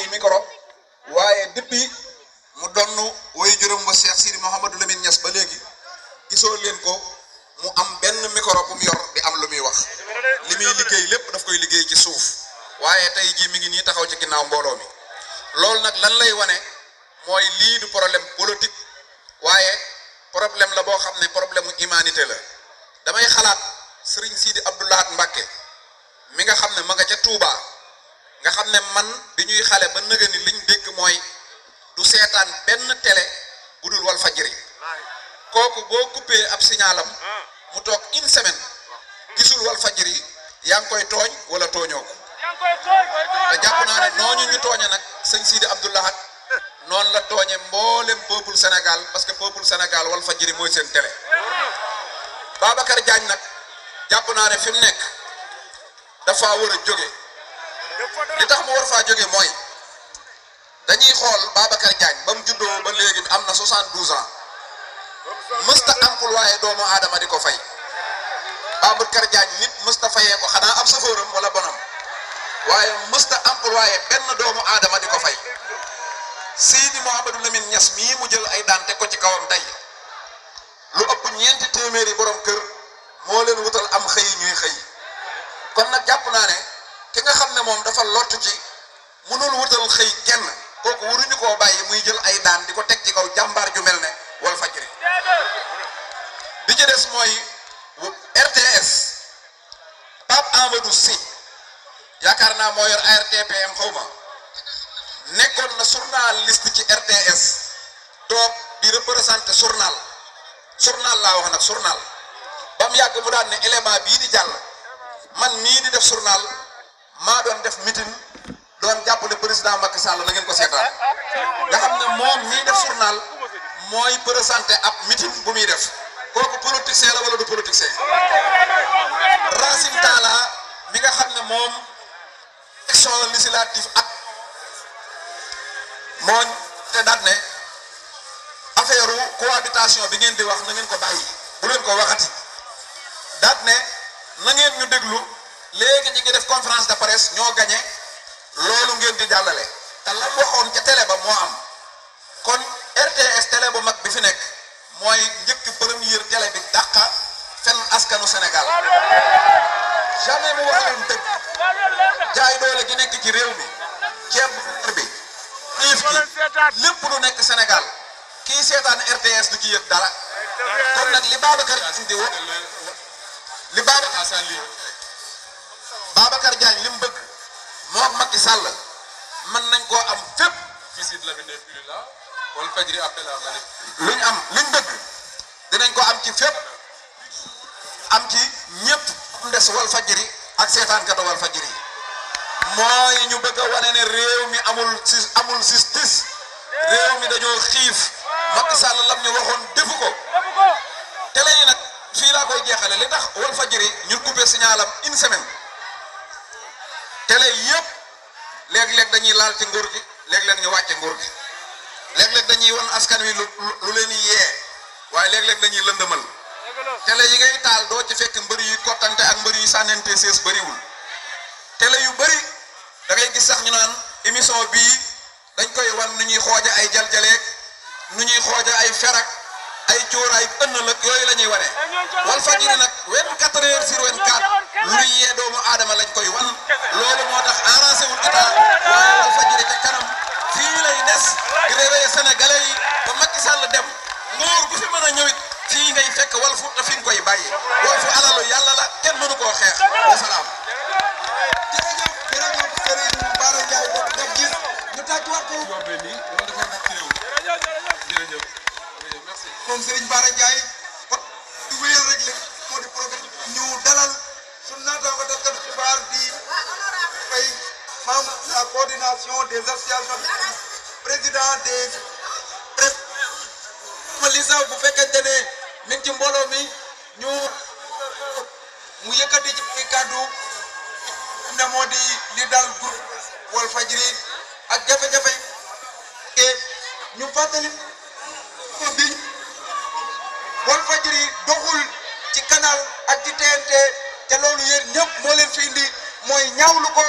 ay micro waye depuis mu donn way jurum ba Cheikh Sidi Mouhamadou Lamine nias ba léegi gisoo len ko mu am ben micro bu yor di am lu muy wax li liggey lepp daf koy liggey ci souf waye tay ji mi ngi ni taxaw ci ginaaw mbolo mi lol nak lan lay wone moy li du problème politique waye problème la bo xamné problème humanité la damay xalat Serigne Sidi Abdoulahat Mbacké mi nga xamné ma nga ca Touba. nga xam ne man bi ñuy xale ba nëga ni liñ dégg mooy du seetaan benn télé bu dul wal fajiri kooku boo coupé ab signalam mu toog une semaine gisul wal fajiri yaa ngi koy tooñ wala tooñoo ko te jàpp naa ne nooñu ñu tooñe nag sëñ Sidi Abdoulahat noonu la tooñe mboolem peuple Sénégal parce que peuple Sénégal wal fajiri mooy seen télé Babacar Diagne nag jàpp naa ne fi mu nekk dafa war a jóge li tax mu war faa jóge mooy dañuy xool Babacar Diagne ba mu juddoo ba léegi am na 72 ans mësta employé doomu aadama di ko fay Babacar Diagne nit mësta fayee ko xanaa ab safóoram wala bonam waaye mësta employé benn doomu aadama di ko fay Seydi Mouhamadou Lamine Niass mii mu jël ay daan ko ci kawam tey lu ëpp ñeenti téeméeri borom kër moo leen wutal am xëy ñuy xëy kon nag jàpp naa ne. ne moom dafa lott ci mënul wutal xëy kenn kooku waruñu koo bàyyi muy jël ay daan di ko teg ci kaw jàmbaar ju mel ne wal fajri bi ci des mooy RTS Pape Amadou Sy yaakaar naa moo yor ARTPM xaw ma nekkoon na journaliste ci RTS toog di représenté journal surnal laa wax nag journal ba yàgg mu daan ne élément bii di jàll man mii di def journal maa doon def meeting doon jàppale président Macky Sall na ngeen ko seetaan nga xam ne moom mii def journal mooy présenté ab meeting bu muy def kooku politicien la wala du politicien Racine Talla bi nga xam ne moom élection législative ak moo te daat ne affaire cohabitation bi ngeen di wax na ngeen ko bàyyi bu leen ko waxati daat ne na ñu déglu. léegi ñi ngi def conférence de presse ñoo gañe loolu ngeen di jàllale te lam waxoon ca télé ba moo am kon RTS télé bu mag bi fi nekk mooy njëkk première télé bi dàqa fen askanu Sénégal jamais jaay doole gi nekk ci réew mi ceeb bi lépp lu nekk senegal kii seetaan RTS du ci yëg dara kon nag li Babacar indi woon li Babacar Babacar Diagne li mu bëgg moom Macky Sall mën nañ koo am fépp la bi la wala fajri appel luñ am liñ bëgg dinañ ko am ci fépp am ci ñëpp ndes wal fajiri ak seetaan kata wal fajri yi mooy ñu bëgg a ne réew mi amul si amul justice réew mi dañoo xiif Macky Sall lam ñu waxoon defu ko télé yi nag fii laa koy jeexale li tax wal fajri ñu coupé signalam une semaine télé yëpp lek-lek dañuy laal ci nguur gi léeg wa ñu wacc nguur gi léeg-léeg dañuy won askan wi lu leen yee way léeg-léeg dañuy lëndëmal télé yi ngay taal do ci fekk mbëri yi kottante ak yi yu ses bari wul télé yu bari da ngay gis sax ñu naan émission bi dañ koy wan nu ñuy xooja ay jaljaleeg nu ñuy xooja ay ferak ay cóoraay ënn la yooyu la ñuy wane wal fajiri bàyyi woofu alalu yàlla la kenn mënu koo xeex wasalaam jërëjëf jërëjëf sëriñ Bara Ndiaye def def gis ñu tàcc waat ko kon sëriñ Bara Ndiaye di wéyal rek moo di programme ñu dalal suñu naataango defkat xibaar di fay membre de la coordination des associations président des presse bu fekkente ne mi ngi ci mbooloo mi ñu mu yëkkati ci ay kàddu ne moo di li daal wol Walfadjri ak jafe-jafe te ñu fàttali bi Walfadjri doxul ci canal ak ci TNT te loolu yéen ñëpp moo leen fi indi mooy ñaawlu ko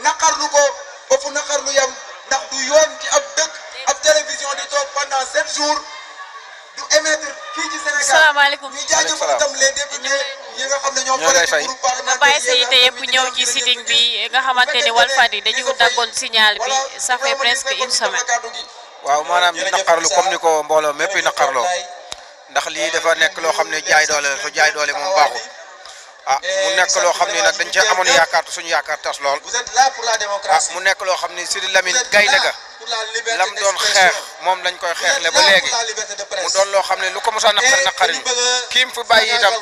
naqarlu ko ba fu naqarlu yam ndax du yoon ci ab dëkk ab télévision di toog pendant sept jours du émettre fii ci Sénégal. salaamaaleykum ñu jaajëfal itam les députés nga xam ne ñoom. ñoo lay fay nga bàyyi sa yite yëpp ñëw ci sitting bi nga xamante ni Walfadjri dañu daggoon signal bi ça fait presque une waaw maanaam ñu lu comme ni ko mbooloo mépp yi naqarloo ndax lii dafa euh, nekk loo xam ne jaay doole la te jaay doole moom baaxul ah mu euh, nekk loo xam ne nag dañ cee amoon yaakaar suñu yaakaar tas lool ah mu nekk loo xam ne si Sidi gaynde ga lam doon xeex moom lañ koy xeexle ba léegi mu doon loo xam ne lu ko mos a naqari naqari kiim fi bàyyi itam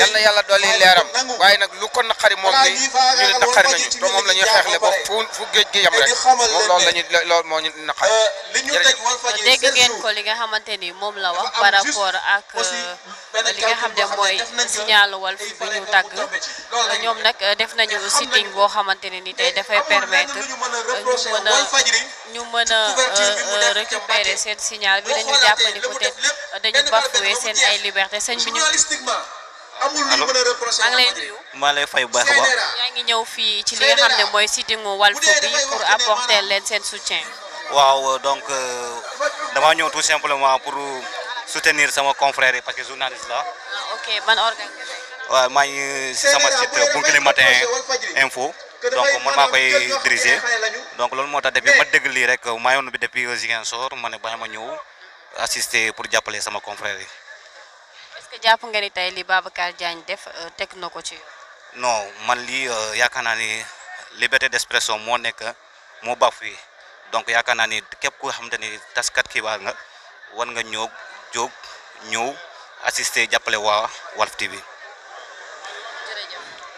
yal na yàlla dolli leeram waaye nag lu ko naqari moom ni ñu ne moom la ñuy xeexle ba fu fu géej gi yam rek moom loolu la ñuy euh, ñu naqari jërëjëf. dégg ngeen li nga xamante ni moom la wax par rapport ak euh, li nga xam ne mooy signalu Walf bi ñu tàgg ñoom nag def nañu euh, sitting boo xamante ne ni tey dafay permettre ñu mën a ñu mën a euh, euh, récupérer seen signal bi dañu jàpp ni peut-être dañu bafoué seen ay liberté sëñ bi ñu. a reproché maa lay fay bu baax ba baax. yaa ngi ñëw fii ci li nga xam ne mooy si sitting Walf bi pour apporter leen seen soutien. waaw euh, donc dama ñëw tout simplement pour soutenir sama confrère parce que journaliste la. ah ok ban organe. maa ngi si sama site Bounkiling Matin info donc man maa koy diriger donc loolu moo tax depuis ma eh. dégg lii rek euh, maa yoon bi depuis euh, Ziguinchor ma ne a ma ñëw assister pour jàppale sama confrère yi. est-ce que jàpp nga ni tey li Babacar Diagne def euh, teg na ko ci. non man li yaakaar naa ni liberté d'expression moo nekk moo bafoué donc yaakaar naa ni képp ku xamante ni taskat xibaar nga war nga ñëw jóg ñëw assister jàppale waa Walf TV bi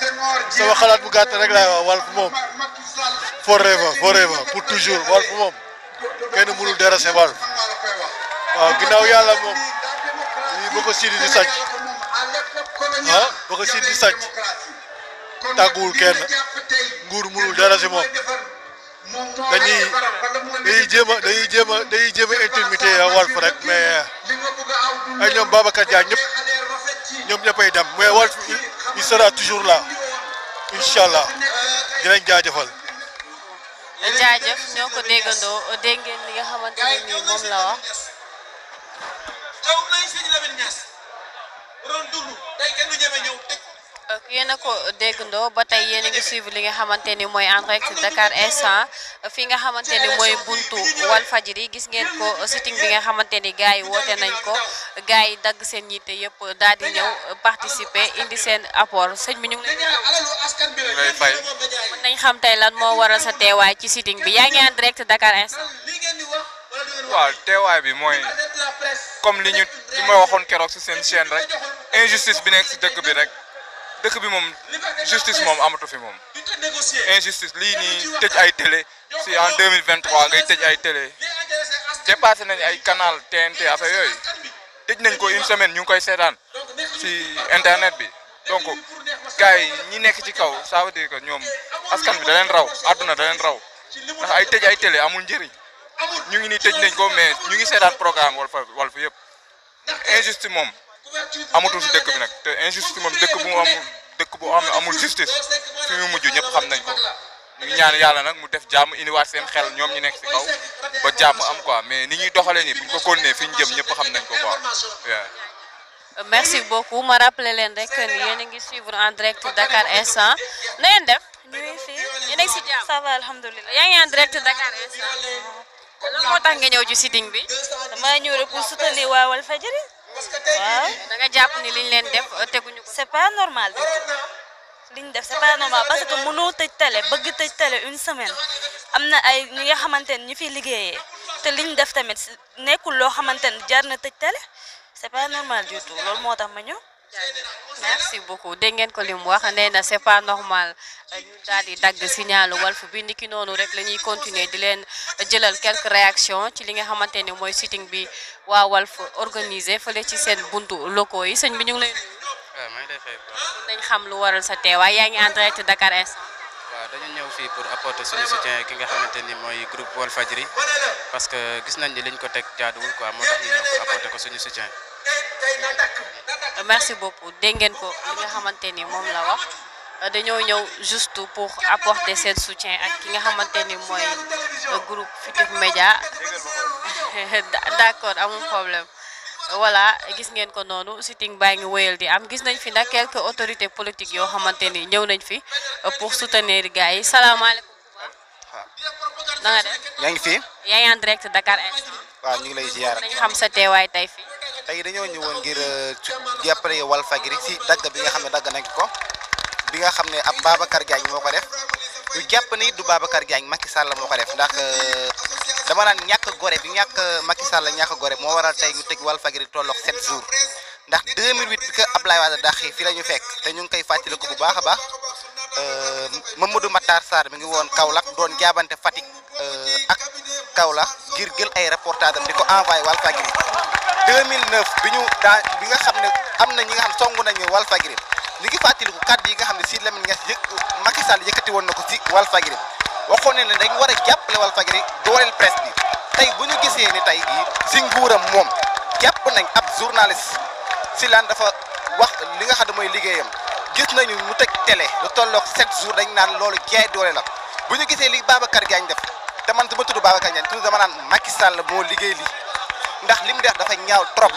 sama xalaat bu gàtt rek laay wax Walf moom forever forever pour toujours Walf moom kenn mënul déranger Walf waaw ginnaaw yàlla moom lii ba ko Sidi di sàcc ah ba ko Sidi di sàcc tàgguwul kenn nguur mënul déranger moom dañuy dañuy jéem a dañuy jéem a dañuy jéem a intimité Walf rek mais ay ñoom Babacar Diagne ñëpp. ñoom ñëppay dem mais Walf il sera toujours là incha allah dinañ jaajëfal. jaajëf ñoo ko déggandoo dégg ngeen li nga xamante moom la wax. Euh, yéen a ko déggandoo ba tey yéen a ngi suivre li nga xamante ni mooy en direct Dakar instant euh, fi nga xamante ni mooy buntu Walfadjri gis ngeen ko euh, sitting bi nga xamante ni gars yi woote nañ ko gars yi dagg seen yitte yëpp daal di ñëw participer indi seen apport sëñ bi ñu ngi lay fay mën nañ xam tey lan moo waral sa teewaay ci sitting bi yaa ngi en direct Dakar instant waaw teewaay bi mooy comme li ñu li ma waxoon keroog si seen chaîne rek injustice bi nekk bi rek dëkk bi moom justice moom amatu fi moom injustice lii nii tëj ay télé si en 2023 ngay tëj ay télé dépassé nañ ay canal TNT affaire yooyu tëj nañ ko une semaine ñu ngi koy seedaan si internet bi donc gars yi ñi nekk ci kaw ça veut dire ñoom askan bi da leen raw àdduna da raw ay tëj ay télé amul njëriñ ñu ngi nii tëj nañ ko mais ñu ngi seetaan programme Walf Walf yëpp injustice moom amatul si dëkk bi nak te injustice mom dekk bu mu amul dekk bu am amul justice fi mu muju ñep xam nañ ko ñu ñaan yalla nak mu def jàmm indiwaat seen xel ñom ñi nekk ci kaw ba jamm am quoi mais ni ñuy doxale ni bu ko konné fi ñu jëm ñep xam nañ ko quoi merci beaucoup ma rappeler len rek ni yéen ngi suivre en direct Dakar instant na ngeen def. ñu fi yéen a ngi si jàmm ça va alhamdoulillah ya ngi en direct Dakar instant. lan mo tax nga ñew ci sitting bi. dama ñew rek pour soutenir wa wal Walfadjri waaw da nga jàpp ni liñ leen def euh, teguñu ko. c'est pas normal du liñ def c'est pas normal parce que mënoo tëj télé bëgg tëj télé une semaine am na ay ñi nga xamante ne ñu fi liggéeyee te liñ def tamit nekkul loo xamante ne jar na tëj télé c'est pas normal du tout loolu moo tax ma ñëw. merci beaucoup dégg ngeen ko li mu wax nee na c'est pas normal ñu daal di dagg signalu Walf bi niki noonu rek la ñuy continuer di leen jëlal quelques réactions ci li nga xamante ni mooy sitting bi waa Walf organisé fële ci seen buntu locaux yi sëñ bi ñu ngi lay dañ xam lu waral sa teewaay yaa ngi en direct Dakar instant waaw dañu ñëw fii pour apporter suñu soutien ki nga xamante ni mooy groupe Walfadjri parce que gis nañ ni liñ ko teg jaaduwul quoi moo tax ñu ñëw pour ko suñu merci beaucoup dégg ngeen ko li nga xamante ni moom la wax dañoo ñëw juste pour apporter seen soutien ak ki nga xamante ni mooy groupe Futurs Médias d'accord amul problème voilà gis ngeen ko noonu sitting baa ngi wéyal di am gis nañ fi nag quelques autorités politiques yoo xamante ni ñëw nañ fi pour soutenir gars yi salaamaaleykum. waaw na nga yaa ngi fi. yaa ngi en direct Dakar instant. ñu ngi lay ziar. nañ xam sa teewaay tey fi tey dañoo ñëwoon ngir euh, jàppale Walfadjri si dagg bi nga xam ne dagg nañ ko bi nga xam ne ab Babacar Diagne moo ko def ñu jàpp ni du Babacar Diagne Macky Sall moo ko def ndax euh, dama naan ñàkk gore bi ñàkk Macky Sall ñàkk gore moo waral tey teg tëj Walfadjri tolloog 7 jours ndax 2008 bi que Ablaye Wade dàqi fii la ñu fekk te ñu ngi koy ko bu baax a baax euh, Mamadou Matar Sarr mi ngi woon Kaolack doon jaabante Fatick ak Kaolack ngir jël ay reportage am di ko envoyé Walfadjri. 2009 bi ñu daa bi nga xam ne am na ñi nga xam songu nañu Walfadjri ñu ngi fàttaliku kàddu yi nga xam ne si Lamine Niass yëg Macky Sall yëkkati woon na ko si Walfadjri waxoon ne ne dañ war a jàppale Walfadjri dooleel presse bi tey bu ñu gisee ni tey jii si nguuram moom jàpp nañ ab journaliste si lan dafa wax li nga xam ne mooy liggéeyam gis nañu mu teg télé lu tolloog 7 jours dañ naan loolu jaay doole la bu ñu gisee li Babacar Diagne def te man su ma tudd Babacar Diagne toujours dama naan Macky Sall moo liggéey lii ndax li mu def dafa ñaaw trop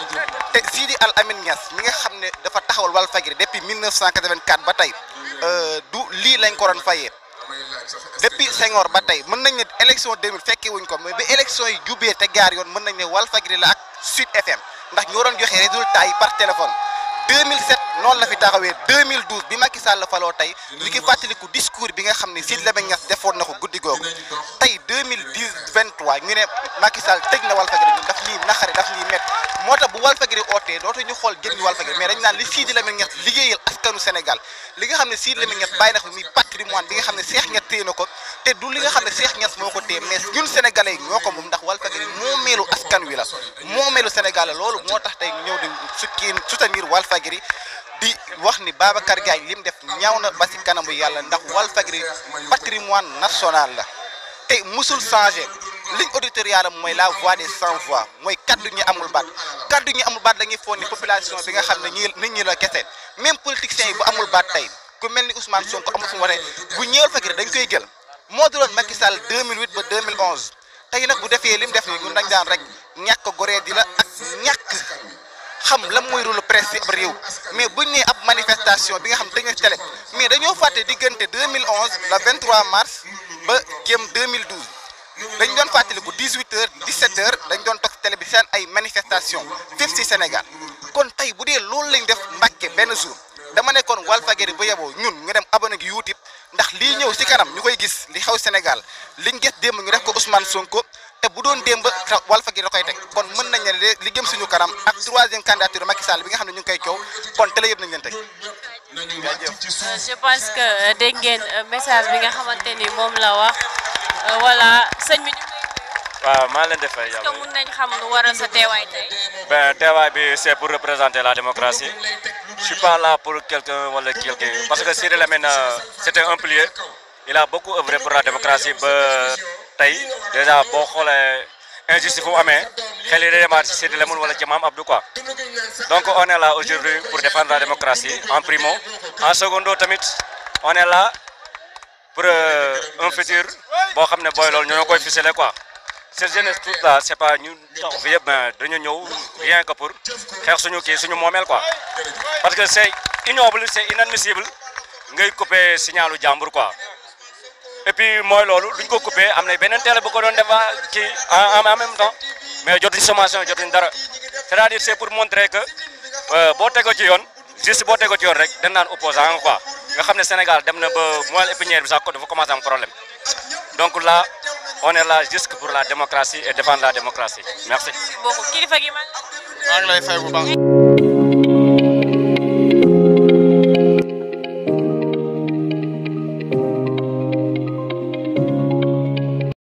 te Sidi Al Amin Niass ñi nga xam ne dafa taxawal wal fajri depuis 1984 ba tey euh, du lii lañ ko doon fayee depuis Senghor ba tey mën nañ ne élection 2000 fekkee wuñ ko mais ba élection yi jubee te gaar yoon mën nañ ne wal fajri la ak Sud FM ndax ñoo doon joxe résultat yi par téléphone 2007 noonu la fi taxawee 2012 bi Macky Sall faloo tey ñu ngi fàttaliku discours bi nga xam ne sii Lamine Niass defoon na ko guddi googu tey 2010 23 ñu ne Macky Sall tëj na Walfadjri daf lii naqari daf lii métti moo tax bu Walfadjri ootee dootuñu xool jëriñu Walfadjri mais dañ naan li Sidi Lamine Niass liggéeyal askanu Sénégal li nga xam ne Sidi Lamine Niass bàyyi na ko muy patrimoine bi nga xam ne Cheikh Niass téye na ko te du li nga xam ne Cheikh Niass moo ko téye mais ñun sénégalais ñoo ko moom ndax Walfadjri moo meelu askan wi la moo meelu Sénégal la loolu moo tax tey ñëw di sukkiin soutenir Walfadjri di wax ni Babacar Diagne li def ñaaw na la ligne auditoriale am mooy la voix des sans voix mooy kaddu ñi amul baat kaddu ñi amul baat dañuy foog ni population bi nga xam ne ñi nit ñi la kese même politiciens yi bu amul baat tey ku mel ni Ousmane Sonko amul fu mu waxee bu ñëwal Fakiri dañ koy jël moo doon Macky Sall 2008 ba 2011 tey nag bu defee lim def nii ñun dañ daan rek ñàkk goree di la ak ñàkk xam lan mooy rôle presse ci ab réew mais buñ nee ab manifestation bi nga xam dañuy télé mais dañoo fàtte diggante 2011 le 23 mars ba jëm 2012. dañ doon fàttaliku 18 heures 17 heures dañ doon toog télé bi seen ay manifestation fépp si Sénégal kon tey bu dee loolu lañ def Mbàkke benn jour dama nekkoon Walfadjri bu yeboo ñun ñu dem abonné gi YouTube ndax lii ñëw si kanam ñu koy gis li xew Sénégal li gis démb ñu def ko Ousmane Sonko te bu doon démb Walfadjri da koy teg kon mën nañ ne li jëm suñu kanam ak troisième candidature Macky Sall bi nga xam ne ñu ngi koy coow kon télé yëpp nañ Euh, voilà sëñ bi ñu waaw maa leen di sa teewaay tey. ben teewaay bi c'est pour représenter la démocratie je suis pas là pour quelqu'un wala quelqu'un parce que Cyril Lamine euh, c'était un pilier il a beaucoup œuvré pour la démocratie ba tey déjà boo xoolee injustice fu mu amee xel yi day demaat wala ci Mame Abdou quoi donc on est là aujourd'hui pour défendre la démocratie en primo en secondo tamit on est là. pour euh, un futur boo xam ne booy loolu ñoo koy ficelé quoi cette jeunesse toute là c'est pas ñu tax fi yëpp dañu ñëw rien que pour xeex suñu kii suñu moomeel quoi parce que c'est ignoble c'est inadmissible ngay couper signalu jàmbur quoi et puis mooy loolu duñ ko couper am na beneen tele bu ko doon defa ah, kii en même temps mais jotuñ sommation jotuñ dara c'est-à-dire c'est pour montrer que euh, boo tegoo ci yoon juste boo tegoo ci yoon rek dan naan opposant quoi nga xam le Sénégal dem na ba moelle épinière bi ça ko un problème donc là on est là juste pour la démocratie et défendre la démocratie merci.